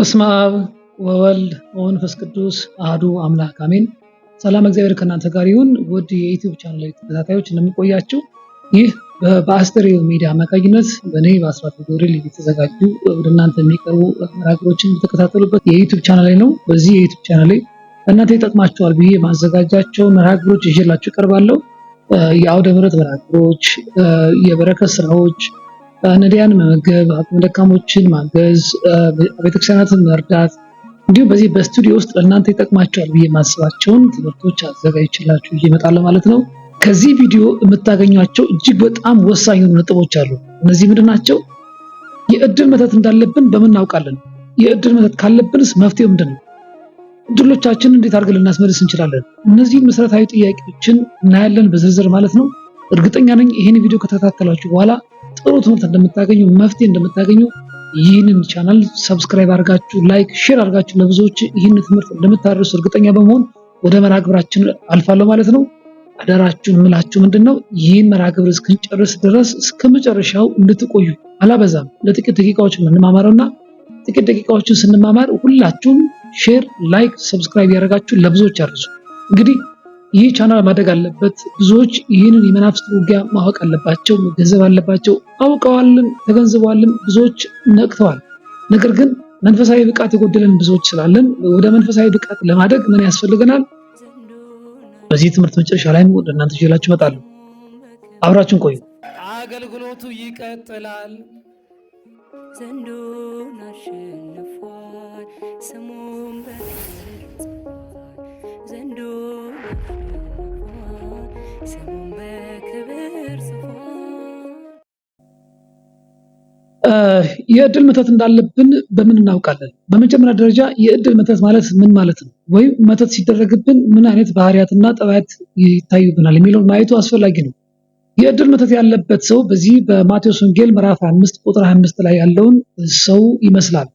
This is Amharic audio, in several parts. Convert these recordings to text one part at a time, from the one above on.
በስመ አብ ወወልድ ወመንፈስ ቅዱስ አህዱ አምላክ አሜን። ሰላም እግዚአብሔር ከእናንተ ጋር ይሁን። ውድ የዩቲዩብ ቻናል ተከታታዮች እንደምንቆያችሁ፣ ይህ በአስተርእዮ ሚዲያ አማካኝነት በእኔ በአስራት ጎሪል የተዘጋጁ ወደ እናንተ የሚቀርቡ መራግሮችን የተከታተሉበት የዩቲዩብ ቻናል ላይ ነው። በዚህ የዩቲዩብ ቻናል ላይ እናንተ ይጠቅማቸዋል ብዬ ማዘጋጃቸው መራግሮች ይዤላችሁ እቀርባለሁ። የአውደ ምሕረት መራግሮች፣ የበረከት ስራዎች ነዳያን መመገብ፣ አቅመ ደካሞችን ማገዝ፣ ቤተክርስቲያናትን መርዳት እንዲሁም በዚህ በስቱዲዮ ውስጥ ለእናንተ ይጠቅማቸዋል ብዬ ማስባቸውን ትምህርቶች አዘጋጅቼላችሁ እየመጣለሁ ማለት ነው። ከዚህ ቪዲዮ የምታገኟቸው እጅግ በጣም ወሳኝ የሆኑ ነጥቦች አሉ። እነዚህ ምንድን ናቸው? የእድል መተት እንዳለብን በምን እናውቃለን? የእድል መተት ካለብንስ መፍትሄው ምንድን ነው? እድሎቻችንን እንዴት አድርገን ልናስመልስ እንችላለን? እነዚህን መሰረታዊ ጥያቄዎችን እናያለን በዝርዝር ማለት ነው። እርግጠኛ ነኝ ይህን ቪዲዮ ከተከታተላችሁ በኋላ ጥሩ ትምህርት እንደምታገኙ መፍትሄ እንደምታገኙ ይህንን ቻናል ሰብስክራይብ አድርጋችሁ ላይክ፣ ሼር አድርጋችሁ ለብዙዎች ይህን ትምህርት እንደምታደርሱ እርግጠኛ በመሆን ወደ መራግብራችን አልፋለሁ ማለት ነው። አደራችሁን ምላችሁ ምንድን ነው ይህን መራግብር እስክንጨርስ ድረስ እስከ መጨረሻው እንድትቆዩ አላበዛም። ለጥቂት ደቂቃዎች የምንማማረው ጥቂት ደቂቃዎችን ስንማማር ሁላችሁም ሼር፣ ላይክ፣ ሰብስክራይብ ያደርጋችሁ ለብዙዎች አድርሱ እንግዲህ ይህ ቻናል ማደግ አለበት። ብዙዎች ይህንን የመናፍስት ውጊያ ማወቅ አለባቸው፣ መገንዘብ አለባቸው። አውቀዋልም ተገንዝበዋልም፣ ብዙዎች ነቅተዋል። ነገር ግን መንፈሳዊ ብቃት የጎደለን ብዙዎች ስላለን ወደ መንፈሳዊ ብቃት ለማደግ ምን ያስፈልገናል? በዚህ ትምህርት መጨረሻ ላይም ወደ እናንተ ይዤላችሁ እመጣለሁ። አብራችን ቆዩ። አገልግሎቱ ይቀጥላል። ዘንዶን አሸንፏል። ስሙን የእድል መተት እንዳለብን በምን እናውቃለን? በመጀመሪያ ደረጃ የእድል መተት ማለት ምን ማለት ነው? ወይም መተት ሲደረግብን ምን አይነት ባህሪያትና ጠባያት ይታዩብናል የሚለውን ማየቱ አስፈላጊ ነው። የእድል መተት ያለበት ሰው በዚህ በማቴዎስ ወንጌል ምዕራፍ 5 ቁጥር 25 ላይ ያለውን ሰው ይመስላል።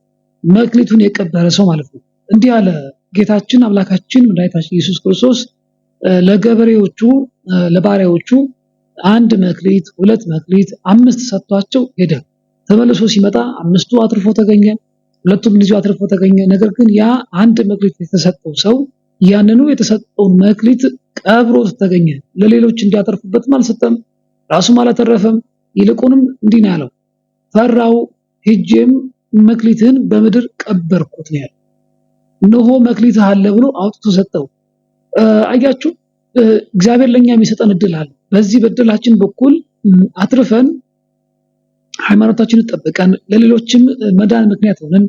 መክሊቱን የቀበረ ሰው ማለት ነው። እንዲህ አለ ጌታችን አምላካችን መድኃኒታችን ኢየሱስ ክርስቶስ ለገበሬዎቹ ለባሪያዎቹ አንድ መክሊት፣ ሁለት መክሊት፣ አምስት ሰጥቷቸው ሄደ። ተመልሶ ሲመጣ አምስቱ አትርፎ ተገኘ፣ ሁለቱም ልጁ አትርፎ ተገኘ። ነገር ግን ያ አንድ መክሊት የተሰጠው ሰው ያንኑ የተሰጠውን መክሊት ቀብሮ ተገኘ። ለሌሎች እንዲያተርፉበትም አልሰጠም፣ ራሱም አላተረፈም። ይልቁንም እንዲህ ነው ያለው፣ ፈራው፣ ሄጄም መክሊትህን በምድር ቀበርኩት ነው ያለው። እነሆ መክሊትህ አለ ብሎ አውጥቶ ሰጠው። አያችሁ እግዚአብሔር ለኛ የሚሰጠን እድል አለ። በዚህ በእድላችን በኩል አትርፈን ሃይማኖታችንን ጠብቀን ለሌሎችም መዳን ምክንያት ሆነን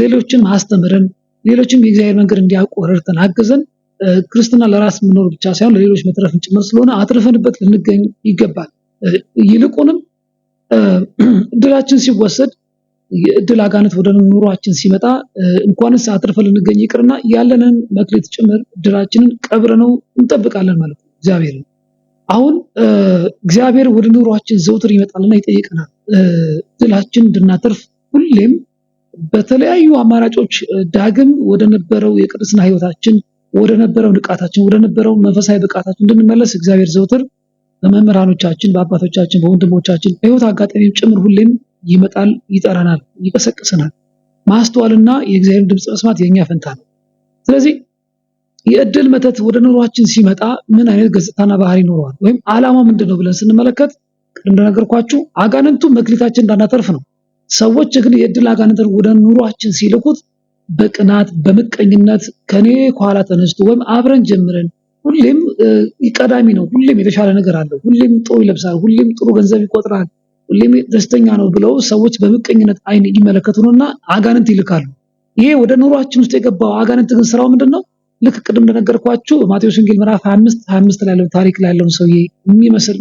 ሌሎችም አስተምረን ሌሎችም የእግዚአብሔር መንገድ እንዲያውቁ ረድተን አገዘን ክርስትና ለራስ የምኖር ብቻ ሳይሆን ለሌሎች መትረፍን ጭምር ስለሆነ አትርፈንበት ልንገኝ ይገባል። ይልቁንም እድላችን ሲወሰድ የእድል አጋነት ወደ ኑሯችን ሲመጣ እንኳንስ አትርፈ ልንገኝ ይቅርና ያለንን መክሌት ጭምር እድላችንን ቀብረ ነው እንጠብቃለን ማለት ነው እግዚአብሔር አሁን እግዚአብሔር ወደ ኑሯችን ዘውትር ይመጣልና ይጠይቀናል። እድላችን እንድናተርፍ ሁሌም በተለያዩ አማራጮች ዳግም ወደ ነበረው የቅድስና ህይወታችን፣ ወደ ነበረው ንቃታችን፣ ወደ ነበረው መንፈሳዊ ብቃታችን እንድንመለስ እግዚአብሔር ዘውትር በመምህራኖቻችን፣ በአባቶቻችን፣ በወንድሞቻችን በህይወት አጋጣሚም ጭምር ሁሌም ይመጣል፣ ይጠራናል፣ ይቀሰቅሰናል። ማስተዋልና የእግዚአብሔር ድምፅ መስማት የኛ ፈንታ ነው። ስለዚህ የእድል መተት ወደ ኑሯችን ሲመጣ ምን አይነት ገጽታና ባህሪ ይኖረዋል ወይም ዓላማው ምንድን ነው ብለን ስንመለከት ቅድም እንደነገርኳችሁ አጋንንቱ መክሊታችን እንዳናተርፍ ነው። ሰዎች ግን የእድል አጋንንትን ወደ ኑሯችን ሲልኩት በቅናት በምቀኝነት ከኔ ከኋላ ተነስቶ ወይም አብረን ጀምረን ሁሌም ቀዳሚ ነው፣ ሁሌም የተሻለ ነገር አለው፣ ሁሌም ጥሩ ይለብሳል፣ ሁሌም ጥሩ ገንዘብ ይቆጥራል ሁሌም ደስተኛ ነው ብለው ሰዎች በምቀኝነት አይን ነውና አጋንንት ይልካሉ። ይሄ ወደ ኑሯችን ውስጥ የገባው አጋንንት ግን ስራው ምንድን ነው? ልክ ቅድም እንደነገርኳችሁ ማቴዎስ ወንጌል ምዕራፍ 25 25 ላይ ያለው ታሪክ ላይ ያለው ሰውዬ የሚመስል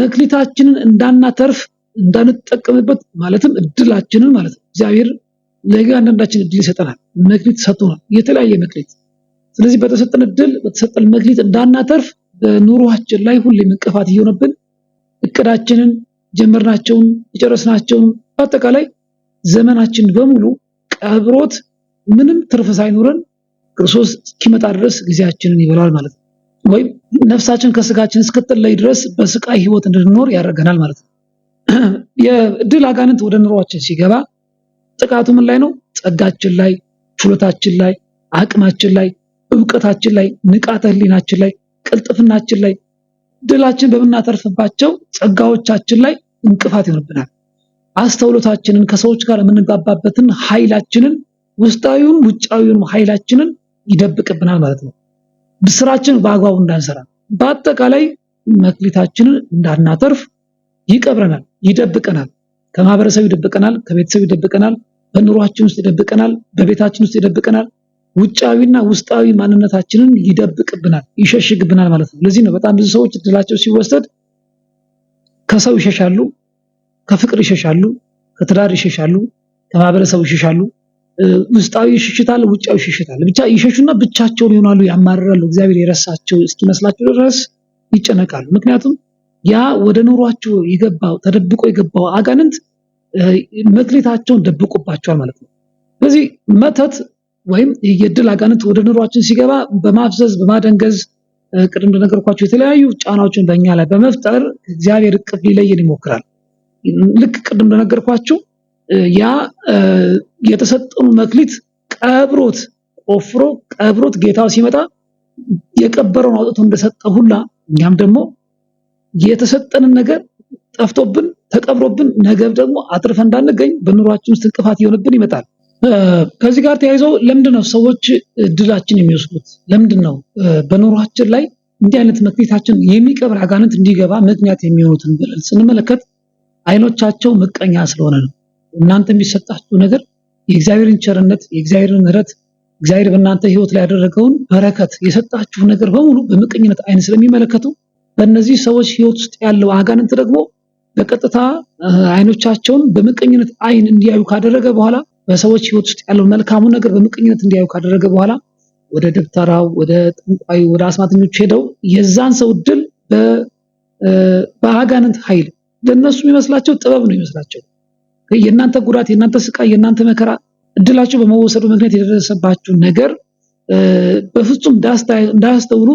መክሊታችንን እንዳናተርፍ እንዳንጠቀምበት ማለትም እድላችንን ማለት ነው። እግዚአብሔር ለእያንዳንዳችን እድል ይሰጠናል። መክሊት ሰጥቶናል፣ የተለያየ መክሊት። ስለዚህ በተሰጠን እድል በተሰጠን መክሊት እንዳናተርፍ በኑሯችን ላይ ሁሌም እንቅፋት እየሆነብን እቅዳችንን ጀመርናቸውን፣ የጨረስናቸውን በአጠቃላይ ዘመናችን በሙሉ ቀብሮት ምንም ትርፍ ሳይኖረን ክርስቶስ እስኪመጣ ድረስ ጊዜያችንን ይበላል ማለት ነው። ወይም ነፍሳችን ከስጋችን እስክትለይ ድረስ በስቃይ ህይወት እንድንኖር ያደርገናል ማለት ነው። የድል አጋንንት ወደ ኑሯችን ሲገባ ጥቃቱ ምን ላይ ነው? ጸጋችን ላይ፣ ችሎታችን ላይ፣ አቅማችን ላይ፣ እውቀታችን ላይ፣ ንቃተ ህሊናችን ላይ፣ ቅልጥፍናችን ላይ፣ ድላችን በምናተርፍባቸው ጸጋዎቻችን ላይ እንቅፋት ይሆንብናል። አስተውሎታችንን ከሰዎች ጋር የምንጋባበትን ኃይላችንን ውስጣዊውን ውጫዊውን ኃይላችንን ይደብቅብናል ማለት ነው። ስራችን በአግባቡ እንዳንሰራ፣ በአጠቃላይ መክሊታችንን እንዳናተርፍ ይቀብረናል፣ ይደብቀናል። ከማህበረሰብ ይደብቀናል፣ ከቤተሰብ ይደብቀናል፣ በኑሯችን ውስጥ ይደብቀናል፣ በቤታችን ውስጥ ይደብቀናል። ውጫዊና ውስጣዊ ማንነታችንን ይደብቅብናል፣ ይሸሽግብናል ማለት ነው። ለዚህ ነው በጣም ብዙ ሰዎች እድላቸው ሲወሰድ ከሰው ይሸሻሉ፣ ከፍቅር ይሸሻሉ፣ ከትዳር ይሸሻሉ፣ ከማህበረሰቡ ይሸሻሉ። ውስጣዊ ይሸሽታል፣ ውጫዊ ይሸሽታል። ብቻ ይሸሹና ብቻቸውን ይሆናሉ፣ ያማርራሉ። እግዚአብሔር የረሳቸው እስኪመስላቸው ድረስ ይጨነቃሉ። ምክንያቱም ያ ወደ ኑሯቸው የገባው ተደብቆ የገባው አጋንንት መክሌታቸውን ደብቆባቸዋል ማለት ነው። ስለዚህ መተት ወይም የድል አጋንንት ወደ ኑሯችን ሲገባ በማፍዘዝ በማደንገዝ ቅድም እንደነገርኳቸው የተለያዩ ጫናዎችን በእኛ ላይ በመፍጠር እግዚአብሔር እቅፍ ሊለየን ይሞክራል። ልክ ቅድም እንደነገርኳቸው ያ የተሰጠኑ መክሊት ቀብሮት ቆፍሮ ቀብሮት ጌታው ሲመጣ የቀበረውን አውጥቶ እንደሰጠ ሁላ እኛም ደግሞ የተሰጠንን ነገር ጠፍቶብን ተቀብሮብን ነገብ ደግሞ አትርፈ እንዳንገኝ በኑሯችን ውስጥ እንቅፋት ይሆንብን ይመጣል። ከዚህ ጋር ተያይዘው ለምንድን ነው ሰዎች እድላችን የሚወስዱት? ለምንድን ነው በኑሯችን ላይ እንዲህ አይነት መክሊታችን የሚቀብር አጋንንት እንዲገባ ምክንያት የሚሆኑትን ብለን ስንመለከት አይኖቻቸው ምቀኛ ስለሆነ ነው። እናንተ የሚሰጣችሁ ነገር የእግዚአብሔርን ቸርነት፣ የእግዚአብሔርን ምሕረት፣ እግዚአብሔር በእናንተ ህይወት ላይ ያደረገውን በረከት የሰጣችሁ ነገር በሙሉ በምቀኝነት አይን ስለሚመለከቱ በእነዚህ ሰዎች ህይወት ውስጥ ያለው አጋንንት ደግሞ በቀጥታ አይኖቻቸውን በምቀኝነት አይን እንዲያዩ ካደረገ በኋላ በሰዎች ህይወት ውስጥ ያለው መልካሙ ነገር በምቀኝነት እንዲያዩ ካደረገ በኋላ ወደ ደብተራው፣ ወደ ጠንቋዩ፣ ወደ አስማተኞች ሄደው የዛን ሰው ድል በአጋንንት ኃይል ለእነሱ የሚመስላቸው ጥበብ ነው የሚመስላቸው። የእናንተ ጉዳት፣ የእናንተ ስቃይ፣ የእናንተ መከራ እድላቸው በመወሰዱ ምክንያት የደረሰባቸው ነገር በፍጹም እንዳያስተውሉ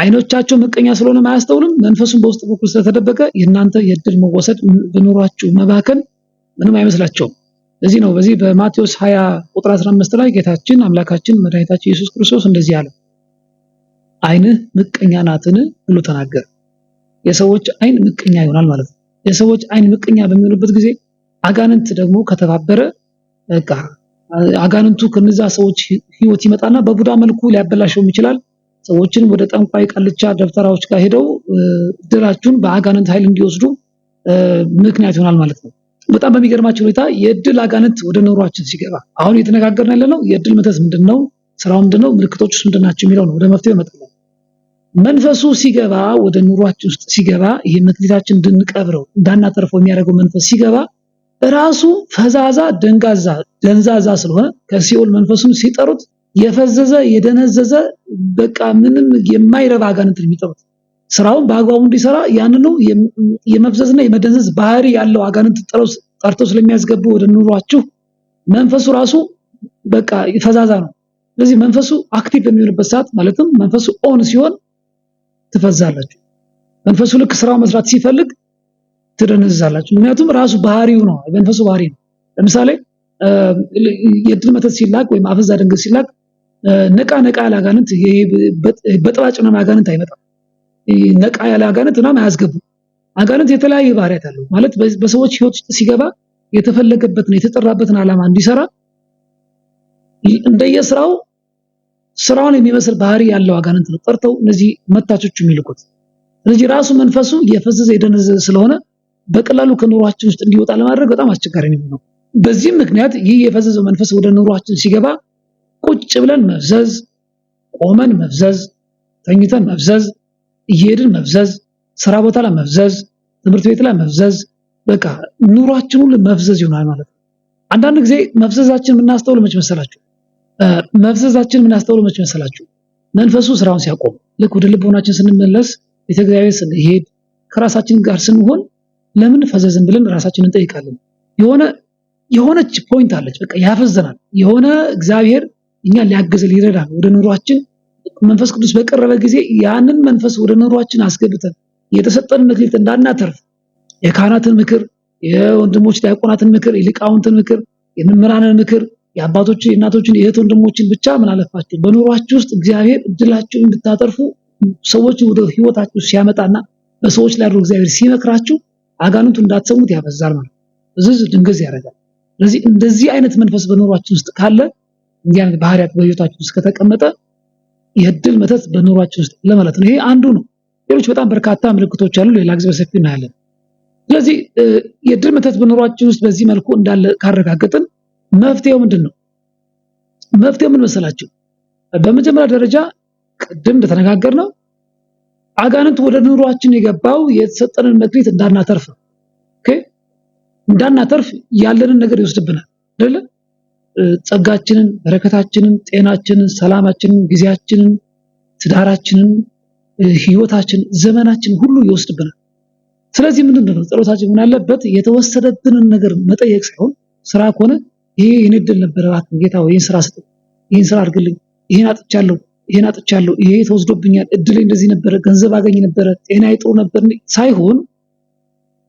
አይኖቻቸው ምቀኛ ስለሆነ አያስተውልም። መንፈሱን በውስጥ በኩል ስለተደበቀ የእናንተ የእድል መወሰድ በኑሯችሁ መባከን ምንም አይመስላቸውም። ለዚህ ነው በዚህ በማቴዎስ 20 ቁጥር 15 ላይ ጌታችን አምላካችን መድኃኒታችን ኢየሱስ ክርስቶስ እንደዚህ አለ፣ አይንህ ምቀኛ ናትን ብሎ ተናገረ። የሰዎች አይን ምቀኛ ይሆናል ማለት ነው። የሰዎች አይን ምቀኛ በሚሆንበት ጊዜ አጋንንት ደግሞ ከተባበረ በቃ አጋንንቱ ከነዛ ሰዎች ህይወት ይመጣና በቡዳ መልኩ ሊያበላሸውም ይችላል። ሰዎችን ወደ ጠንቋይ ቃልቻ ደብተራዎች ጋር ሄደው ድራችሁን በአጋንንት ኃይል እንዲወስዱ ምክንያት ይሆናል ማለት ነው። በጣም በሚገርማችሁ ሁኔታ የእድል አጋንንት ወደ ኑሯችን ሲገባ አሁን እየተነጋገርን ያለ ነው። የእድል መተት ምንድን ነው? ስራው ምንድን ነው? ምልክቶች ውስጥ ምንድን ናቸው? የሚለው ነው ወደ መፍትሄ መጠለል መንፈሱ ሲገባ ወደ ኑሯችን ውስጥ ሲገባ ይህ መክሊታችን እንድንቀብረው እንዳናተርፈው የሚያደርገው መንፈስ ሲገባ ራሱ ፈዛዛ ደንጋዛ ደንዛዛ ስለሆነ ከሲኦል መንፈሱን ሲጠሩት የፈዘዘ የደነዘዘ በቃ ምንም የማይረባ አጋንንት የሚጠሩት ስራውን በአግባቡ እንዲሰራ ያንኑ የመፍዘዝና የመደንዘዝ ባህሪ ያለው አጋንንት ጠርተው ስለሚያስገቡ ወደ ኑሯችሁ መንፈሱ ራሱ በቃ ፈዛዛ ነው። ስለዚህ መንፈሱ አክቲቭ በሚሆንበት ሰዓት ማለትም መንፈሱ ኦን ሲሆን ትፈዛላችሁ። መንፈሱ ልክ ስራው መስራት ሲፈልግ ትደነዝዛላችሁ። ምክንያቱም ራሱ ባህሪው ነው፣ መንፈሱ ባህሪ ነው። ለምሳሌ የድል መተት ሲላክ ወይም አፈዛ ደንገት ሲላክ ነቃ ነቃ ያለ አጋንንት በጥባጭ ነው አጋንንት አይመጣም። ነቃ ያለ አጋንንት ምናምን አያስገቡም። አጋንንት የተለያየ ባህሪያት አለው ማለት በሰዎች ህይወት ውስጥ ሲገባ የተፈለገበትን የተጠራበትን ዓላማ እንዲሰራ እንደየስራው ስራውን የሚመስል ባህሪ ያለው አጋንንት ነው ጠርተው እነዚህ መታቾች የሚልኩት። ስለዚህ ራሱ መንፈሱ የፈዘዘ የደነዘ ስለሆነ በቀላሉ ከኑሯችን ውስጥ እንዲወጣ ለማድረግ በጣም አስቸጋሪ ነው የሚሆነው። በዚህም ምክንያት ይህ የፈዘዘው መንፈስ ወደ ኑሯችን ሲገባ ቁጭ ብለን መፍዘዝ፣ ቆመን መፍዘዝ፣ ተኝተን መፍዘዝ እየሄድን መፍዘዝ፣ ስራ ቦታ ላይ መፍዘዝ፣ ትምህርት ቤት ላይ መፍዘዝ፣ በቃ ኑሯችን ሁሉ መፍዘዝ ይሆናል ማለት ነው። አንዳንድ ጊዜ መፍዘዛችን የምናስተውል መች መሰላችሁ? መፍዘዛችን የምናስተውል መች መሰላችሁ? መንፈሱ ስራውን ሲያቆም፣ ልክ ወደ ልቦናችን ስንመለስ፣ ቤተ እግዚአብሔር ስንሄድ፣ ከራሳችን ጋር ስንሆን ለምን ፈዘዝን ብለን ራሳችን እንጠይቃለን። የሆነ የሆነች ፖይንት አለች፣ በቃ ያፈዘናል። የሆነ እግዚአብሔር እኛ ሊያገዘ ሊረዳ ወደ ኑሯችን መንፈስ ቅዱስ በቀረበ ጊዜ ያንን መንፈስ ወደ ኑሯችን አስገብተን የተሰጠን መክሊት እንዳናተርፍ የካህናትን ምክር፣ የወንድሞች ዲያቆናትን ምክር፣ የሊቃውንትን ምክር፣ የመምህራንን ምክር፣ የአባቶች የእናቶችን፣ የእህት ወንድሞችን ብቻ ምን አለፋችሁ በኑሯችሁ ውስጥ እግዚአብሔር እድላችሁ እንድታተርፉ ሰዎች ወደ ህይወታችሁ ሲያመጣና በሰዎች ላይ አድሮ እግዚአብሔር ሲመክራችሁ አጋንንቱ እንዳትሰሙት ያበዛል ማለት እዚህ ድንገዝ ያደርጋል። ስለዚህ እንደዚህ አይነት መንፈስ በኑሯችን ውስጥ ካለ እንዲህ አይነት ባህሪያት በህይወታችን ውስጥ ከተቀመጠ የድል መተት በኑሯችን ውስጥ ለማለት ነው። ይሄ አንዱ ነው። ሌሎች በጣም በርካታ ምልክቶች አሉ። ሌላ ጊዜ በሰፊው እናያለን። ስለዚህ የዕድል መተት በኑሯችን ውስጥ በዚህ መልኩ እንዳለ ካረጋገጥን መፍትሄው ምንድን ነው? መፍትሄው ምን መሰላችሁ? በመጀመሪያ ደረጃ ቅድም እንደተነጋገር ነው አጋንንት ወደ ኑሯችን የገባው የተሰጠንን መክሊት እንዳናተርፍ ኦኬ፣ እንዳናተርፍ ያለንን ነገር ይወስድብናል አይደለ? ጸጋችንን፣ በረከታችንን፣ ጤናችንን፣ ሰላማችንን፣ ጊዜያችንን፣ ትዳራችንን፣ ህይወታችን ዘመናችን ሁሉ ይወስድብናል። ስለዚህ ምንድን ነው ጸሎታችን ምን ያለበት? የተወሰደብንን ነገር መጠየቅ ሳይሆን ስራ ከሆነ ይሄ የኔ ዕድል ነበር፣ እባክህ ጌታ ወይ ይህን ስራ ስጥ፣ ይህን ስራ አድርግልኝ፣ ይህን አጥቻለሁ፣ ይህን አጥቻለሁ፣ ይሄ ተወስዶብኛል፣ እድሌ እንደዚህ ነበረ፣ ገንዘብ አገኝ ነበረ፣ ጤና ይጥሩ ነበር ሳይሆን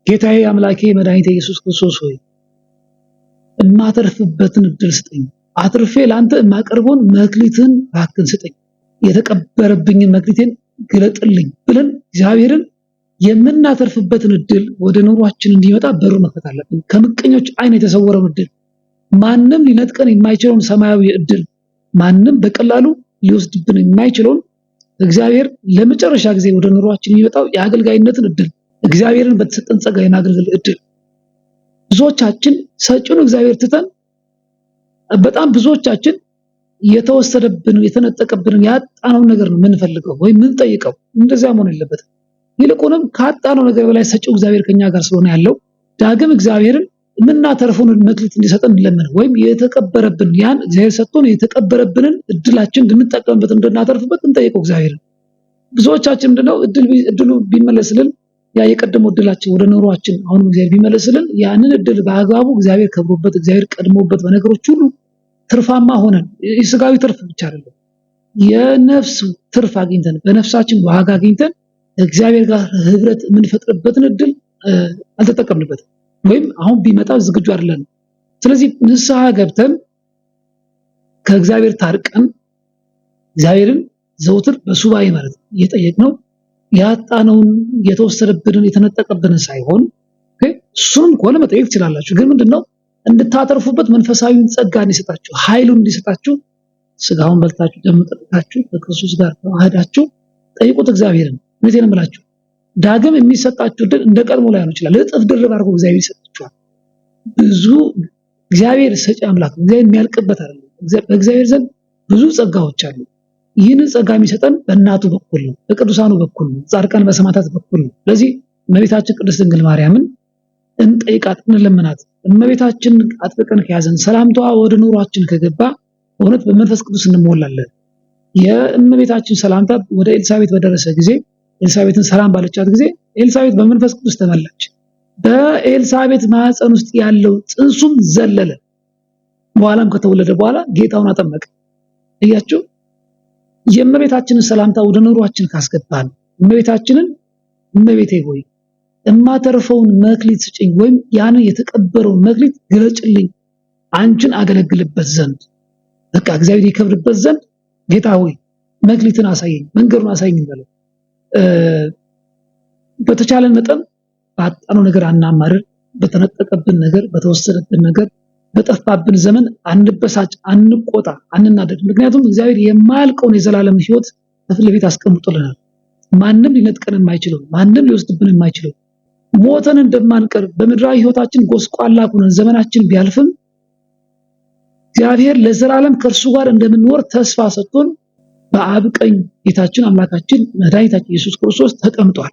ጌታዬ አምላኬ መድኃኒቴ ኢየሱስ ክርስቶስ ሆይ የማተርፍበትን እድል ስጠኝ። አትርፌ ለአንተ የማቀርበውን መክሊትን ባክን ስጠኝ። የተቀበረብኝን መክሊቴን ግለጥልኝ ብለን እግዚአብሔርን የምናተርፍበትን እድል ወደ ኑሯችን እንዲመጣ በሩ መክፈት አለብን። ከምቀኞች አይን የተሰወረውን እድል፣ ማንም ሊነጥቀን የማይችለውን ሰማያዊ እድል፣ ማንም በቀላሉ ሊወስድብን የማይችለውን እግዚአብሔር ለመጨረሻ ጊዜ ወደ ኑሯችን የሚመጣው የአገልጋይነትን እድል፣ እግዚአብሔርን በተሰጠን ጸጋ የማገልገል እድል ብዙዎቻችን ሰጪውን እግዚአብሔር ትተን በጣም ብዙዎቻችን የተወሰደብን የተነጠቀብንን ያጣነውን ነገር ነው የምንፈልገው ወይም የምንጠይቀው። እንደዚያ መሆን የለበትም። ይልቁንም ካጣነው ነገር በላይ ሰጪው እግዚአብሔር ከኛ ጋር ስለሆነ ያለው ዳግም እግዚአብሔርን የምናተርፉን መክሊት እንዲሰጠን ለምን ወይም የተቀበረብን ያን እግዚአብሔር ሰጥቶን የተቀበረብንን እድላችን እንድንጠቀምበት እንድናተርፍበት እንጠይቀው እግዚአብሔርን። ብዙዎቻችን ምንድነው እድሉ ቢመለስልን ያ የቀደመው እድላችን ወደ ኑሯችን አሁንም እግዚአብሔር ቢመለስልን ያንን እድል በአግባቡ እግዚአብሔር ከብሮበት እግዚአብሔር ቀድሞበት በነገሮች ሁሉ ትርፋማ ሆነን የስጋዊ ትርፍ ብቻ አይደለም የነፍስ ትርፍ አግኝተን በነፍሳችን ዋጋ አግኝተን እግዚአብሔር ጋር ህብረት የምንፈጥርበትን እድል አልተጠቀምንበትም ወይም አሁን ቢመጣ ዝግጁ አይደለንም። ስለዚህ ንስሐ ገብተን ከእግዚአብሔር ታርቀን እግዚአብሔርን ዘውትር በሱባኤ ማለት እየጠየቅ ነው ያጣነውን የተወሰደብንን የተነጠቀብንን ሳይሆን እሱንም ከሆነ መጠየቅ ትችላላችሁ። ግን ምንድነው እንድታተርፉበት መንፈሳዊን ጸጋ እንዲሰጣችሁ ኃይሉን እንዲሰጣችሁ ስጋውን በልታችሁ ደም ጠጥታችሁ ከክርስቶስ ጋር ተዋህዳችሁ ጠይቁት እግዚአብሔርን። እውነቴን ነው የምላችሁ ዳግም የሚሰጣችሁ ድል እንደ ቀድሞ ላይሆን ይችላል። እጥፍ ድርብ አድርጎ እግዚአብሔር ይሰጣችኋል። ብዙ እግዚአብሔር ሰጪ አምላክ እግዚአብሔር የሚያልቅበት አይደለም። በእግዚአብሔር ዘንድ ብዙ ጸጋዎች አሉ። ይህንን ጸጋ የሚሰጠን በእናቱ በኩል ነው፣ በቅዱሳኑ በኩል ነው፣ ጻድቃን በሰማታት በኩል ነው። ስለዚህ እመቤታችን ቅድስት ድንግል ማርያምን እንጠይቃት፣ እንለምናት። እመቤታችን አጥብቀን ከያዘን ሰላምቷ ወደ ኑሯችን ከገባ እውነት በመንፈስ ቅዱስ እንሞላለን። የእመቤታችን ሰላምታ ወደ ኤልሳቤት በደረሰ ጊዜ ኤልሳቤትን ሰላም ባለቻት ጊዜ ኤልሳቤት በመንፈስ ቅዱስ ተመላች። በኤልሳቤት ማህፀን ውስጥ ያለው ጽንሱም ዘለለ። በኋላም ከተወለደ በኋላ ጌታውን አጠመቀ። እያቸው የእመቤታችንን ሰላምታ ወደ ኑሯችን ካስገባን እመቤታችንን እመቤቴ ሆይ እማተርፈውን መክሊት ስጭኝ ወይም ያንን የተቀበረውን መክሊት ግለጭልኝ አንቺን አገለግልበት ዘንድ በቃ እግዚአብሔር ይከብርበት ዘንድ ጌታ ሆይ መክሊትን አሳየኝ፣ መንገዱን አሳየኝ እንበለው በተቻለን መጠን በአጣነው ነገር አናማርር። በተነጠቀብን ነገር፣ በተወሰደብን ነገር በጠፋብን ዘመን አንበሳጭ፣ አንቆጣ፣ አንናደድ። ምክንያቱም እግዚአብሔር የማያልቀውን የዘላለም ህይወት ከፊት ለፊት አስቀምጦልናል። ማንም ሊነጥቀን የማይችለው ማንም ሊወስድብን የማይችለው ሞተን እንደማንቀር በምድራዊ ህይወታችን ጎስቋላ ሆነን ዘመናችን ቢያልፍም እግዚአብሔር ለዘላለም ከእርሱ ጋር እንደምንኖር ተስፋ ሰጥቶን በአብ ቀኝ ጌታችን አምላካችን መድኃኒታችን ኢየሱስ ክርስቶስ ተቀምጧል።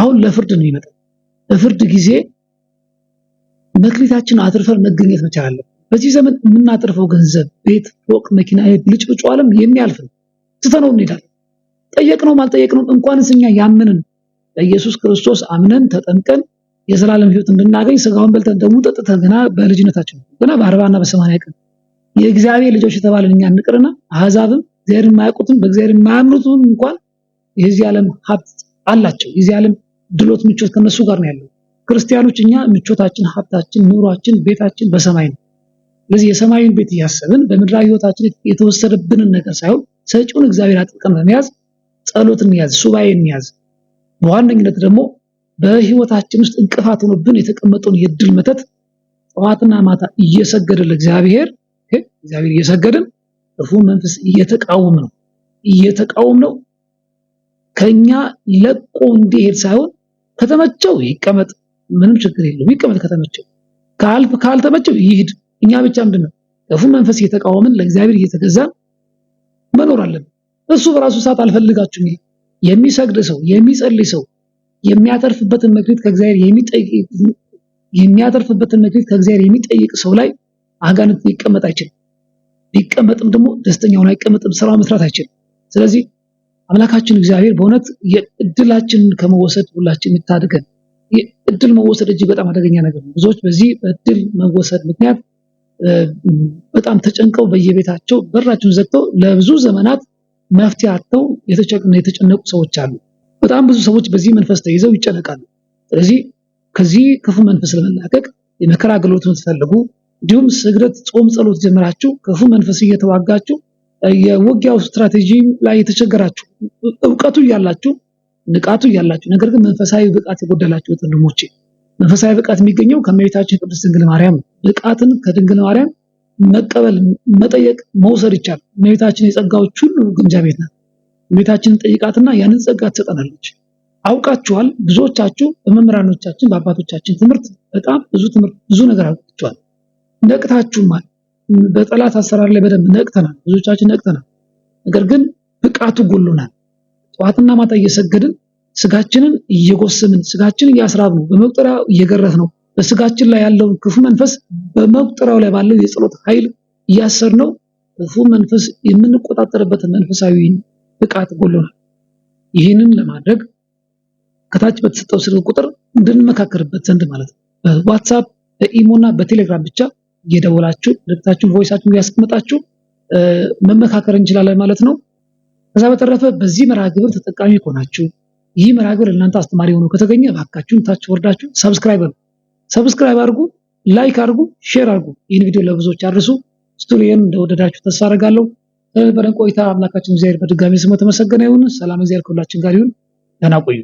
አሁን ለፍርድ ነው ይመጣል። በፍርድ ጊዜ መክሊታችን አትርፈን መገኘት መቻል አለብን። በዚህ ዘመን የምናትርፈው ገንዘብ ቤት፣ ፎቅ፣ መኪና ብልጭልጩ ዓለም የሚያልፍ ነው። ትተነው እንሄዳለን። ጠየቅነውም አልጠየቅነውም እንኳንስ እኛ ያምንን በኢየሱስ ክርስቶስ አምነን ተጠምቀን የዘላለም ሕይወት እንድናገኝ ስጋውን በልተን ደግሞ ጠጥተን ገና በልጅነታችን ገና በአርባና በሰማንያ ቀን የእግዚአብሔር ልጆች የተባለን እኛ እንቅርና አሕዛብም እግዚአብሔር የማያውቁትም በእግዚአብሔር የማያምኑትም እንኳን የዚህ ዓለም ሀብት አላቸው። የዚህ ዓለም ድሎት ምቾት ከነሱ ጋር ነው ያለው። ክርስቲያኖች እኛ ምቾታችን፣ ሀብታችን፣ ኑሯችን፣ ቤታችን በሰማይ ነው። ስለዚህ የሰማዩን ቤት እያሰብን በምድራዊ ህይወታችን የተወሰደብንን ነገር ሳይሆን ሰጪውን እግዚአብሔር አጥብቀን በመያዝ ጸሎት እንያዝ፣ ሱባኤ እንያዝ። በዋነኝነት ደግሞ በህይወታችን ውስጥ እንቅፋት ሆኖብን የተቀመጠውን የድል መተት ጠዋትና ማታ እየሰገድን ለእግዚአብሔር እግዚአብሔር እየሰገድን እርፉ መንፈስ እየተቃወም ነው እየተቃወም ነው ከኛ ለቆ እንዲሄድ ሳይሆን ከተመቸው ይቀመጥ ምንም ችግር የለውም። ይቀመጥ ከተመቸው፣ ካልተመቸው ይሂድ። እኛ ብቻ ምንድን ነው ክፉ መንፈስ እየተቃወምን ለእግዚአብሔር እየተገዛ መኖር አለብን። እሱ በራሱ ሰዓት አልፈልጋችሁም። የሚሰግድ ሰው የሚጸልይ ሰው የሚያተርፍበትን መክሊት ከእግዚአብሔር የሚጠይቅ የሚያተርፍበትን መክሊት ከእግዚአብሔር የሚጠይቅ ሰው ላይ አጋንንት ሊቀመጥ አይችልም። ሊቀመጥም ደግሞ ደስተኛውን አይቀመጥም፣ ስራው መስራት አይችልም። ስለዚህ አምላካችን እግዚአብሔር በእውነት እድላችንን ከመወሰድ ሁላችን ይታድገን። እድል መወሰድ እጅግ በጣም አደገኛ ነገር ነው። ብዙዎች በዚህ በእድል መወሰድ ምክንያት በጣም ተጨንቀው በየቤታቸው በራቸውን ዘግተው ለብዙ ዘመናት መፍትሄ አጥተው የተጨነቁ ሰዎች አሉ። በጣም ብዙ ሰዎች በዚህ መንፈስ ተይዘው ይጨነቃሉ። ስለዚህ ከዚህ ክፉ መንፈስ ለመላቀቅ የመከራ አገልግሎት የምትፈልጉ እንዲሁም ስግደት፣ ጾም፣ ጸሎት ጀምራችሁ ክፉ መንፈስ እየተዋጋችሁ የውጊያው ስትራቴጂ ላይ የተቸገራችሁ እውቀቱ እያላችሁ ንቃቱ እያላችሁ ነገር ግን መንፈሳዊ ብቃት የጎደላችሁ ወንድሞቼ፣ መንፈሳዊ ብቃት የሚገኘው ከመቤታችን ቅድስት ድንግል ማርያም ነው። ብቃትን ከድንግል ማርያም መቀበል፣ መጠየቅ፣ መውሰድ ይቻላል። እመቤታችን የጸጋዎች ሁሉ ግምጃ ቤት ናት። እመቤታችንን ጠይቃትና ያንን ጸጋ ትሰጠናለች። አውቃችኋል። ብዙዎቻችሁ በመምህራኖቻችን በአባቶቻችን ትምህርት በጣም ብዙ ትምህርት ብዙ ነገር አውቃችኋል። ነቅታችሁማል። በጠላት አሰራር ላይ በደንብ ነቅተናል። ብዙዎቻችን ነቅተናል። ነገር ግን ብቃቱ ጎሎናል። ጠዋትና ማታ እየሰገድን ስጋችንን እየጎሰምን ስጋችንን እያስራብን በመቁጠሪያ እየገረፍ ነው በስጋችን ላይ ያለውን ክፉ መንፈስ በመቁጠሪያው ላይ ባለው የጸሎት ኃይል እያሰርነው ክፉ መንፈስ የምንቆጣጠርበት መንፈሳዊ ብቃት ጎሎናል። ይህንን ለማድረግ ከታች በተሰጠው ስልክ ቁጥር እንድንመካከርበት ዘንድ ማለት ነው። በዋትሳፕ በኢሞ እና በቴሌግራም ብቻ እየደወላችሁ ልክታችሁን ቮይሳችሁን እያስቀመጣችሁ መመካከር እንችላለን ማለት ነው። ከዛ በተረፈ በዚህ መርሃ ግብር ተጠቃሚ ከሆናችሁ ይህ መርሃ ግብር አስተማሪ ሆኖ ከተገኘ እባካችሁን ታች ወርዳችሁ ሰብስክራይብ አድርጉ ሰብስክራይብ አድርጉ፣ ላይክ አድርጉ፣ ሼር አድርጉ። ይህን ቪዲዮ ለብዙዎች አድርሱ። ስቱዲዮን እንደወደዳችሁ ተስፋ አደርጋለሁ። በደን ቆይታ አምላካችን እግዚአብሔር በድጋሚ ስሙ ተመሰገነ ይሁን። ሰላም፣ እግዚአብሔር ከሁላችን ጋር ይሁን። ደህና ቆዩ።